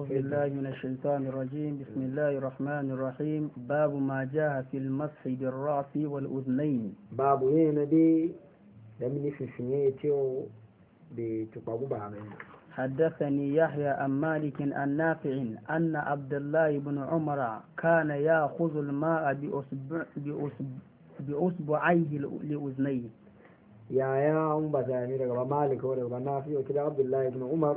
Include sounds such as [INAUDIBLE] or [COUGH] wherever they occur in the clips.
أعوذ بالله من الشيطان الرجيم بسم الله الرحمن الرحيم باب ما جاء في المسح بالرأس والأذنين باب ينبي لمن في سنيته بتقابو بعمين حدثني يحيى أم مالك أن نافع أن عبد الله بن عمر كان يأخذ الماء بأصبع بأصبعيه لأذنيه يا يا أم بزامي مالك ورغب نافع وكذا عبد الله بن عمر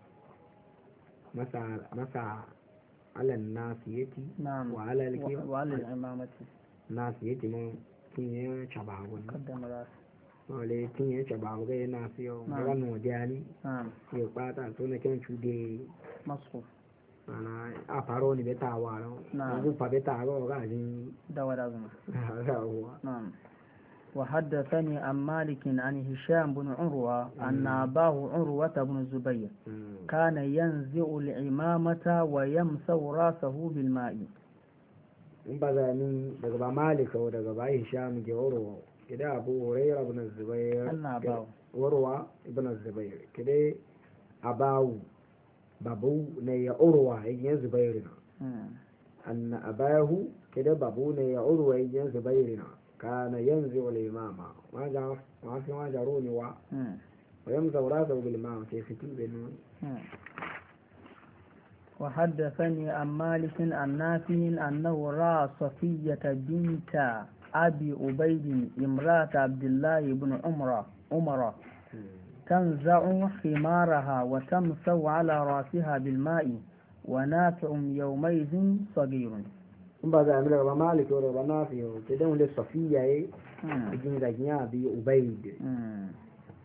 masa alal nasiyati wa alal imamati nasiyati mun tinye chabagun wale tinye chabagun ga yana siyo ran wajani ya kwata to na kyan cude masu ana a faro ni beta [LAUGHS] wa ran yanzu fa beta ga ga jin dawa da zuma na'am وحدثني عن مالك عن هشام بن عروة أن أباه عروة بن الزبير kana yan zi'ul imamata wa yam saura sahu bil ma'i in ba zami daga ba malika wa daga ba hisham ke warowa kida abu huraira ibn zubair warowa abawu babu ne ya urwa yin zubair na hmm. anna abahu kida babu ne ya urwa yin zubair na kana yanzu ul imama ma ga ma ga ruwa ويمزو راسه بالماء في ختم بالنون وحدثني عن مالك عن نافع أنه رأى صفية بنت أبي عبيد امرأة عبد الله بن عمر عمر تنزع حمارها وتمسو على رأسها بالماء ونافع يومئذ صغير بعد ذلك ربا مالك وربا نافع تدون للصفية بنت أبي عبيد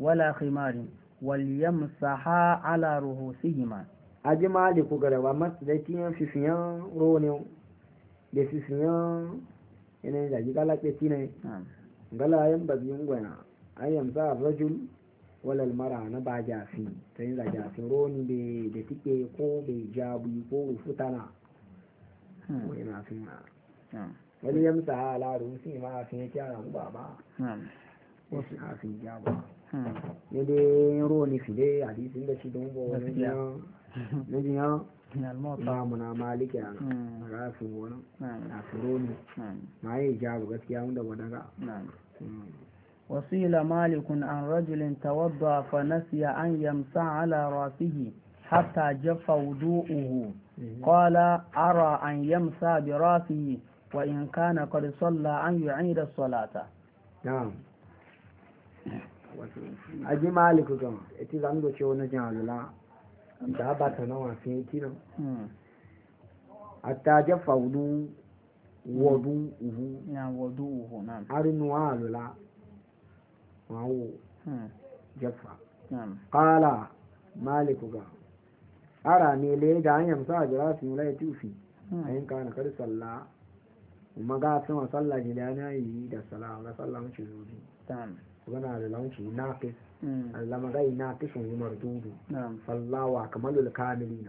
wala khimari walyamsaha ala ruhusihima aji mali ku gara ba mas da tiyan fifiyan rone da fifiyan ina da ji gala ke tine gala yan ba biyun gwana ayyam sa rajul wala almara na ba jafi to yin da jafi rone be da tike ko be jabu ko futana ko hmm. ina fina wani yamsa ala ruhusihima a fiye kyara ba ba يديروني مالك يعني. وصيل نعم. نعم. نعم. مالك عن رجل توضى فنسي أن يمسى على رأسه حتى جف وضوءه قال أرى أن يمسى برأسه وإن كان قد صلى أن يعيد الصلاة نعم aji maliku gan eti zan go ce wani jan alula da ba ta nawa sun yi kinan hatta hmm. jaffa wudu wọdún uhu wọdún uhu náà arinu alula wọn wo hmm. jaffa kala maliku gan ara ne le da an yamsa a jira sun lai tufi hmm. a yin kana kar sallah maga sun wa sallah jilana yi da salam ga sallah mace zuri gana da launci na fi mm. allama gai na fi sun yi mardudu sallawa kamar lulkamili na